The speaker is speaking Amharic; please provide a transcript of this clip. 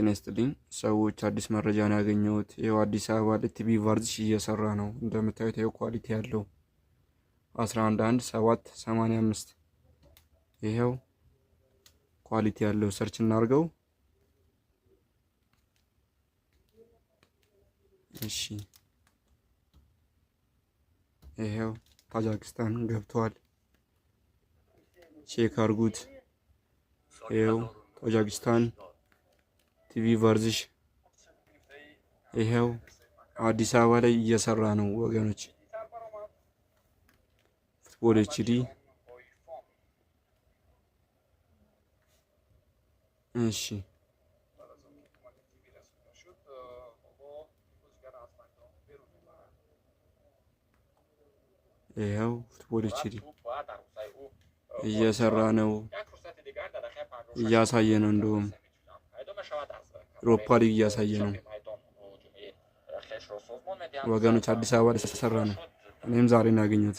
ጤና ይስጥልኝ ሰዎች፣ አዲስ መረጃን ያገኘሁት ይኸው አዲስ አበባ ላይ ቲቪ ቫርዚሽ እየሰራ ነው። እንደምታዩት ይኸው ኳሊቲ ያለው 111785 ይኸው ኳሊቲ ያለው ሰርች እናድርገው። እሺ ይኸው ታጃክስታን ገብቷል። ቼክ አድርጉት። ይኸው ታጃክስታን ቲቪ ቨርዝሽ ይሄው አዲስ አበባ ላይ እየሰራ ነው ወገኖች። ፉትቦል ኤችዲ እሺ ይኸው ፉትቦል ኤችዲ እየሰራ ነው፣ እያሳየ ነው እንደውም ሮፓ ሊግ እያሳየ ነው። ወገኖች አዲስ አበባ ደስ ተሰራ ነው። እኔም ዛሬ ነው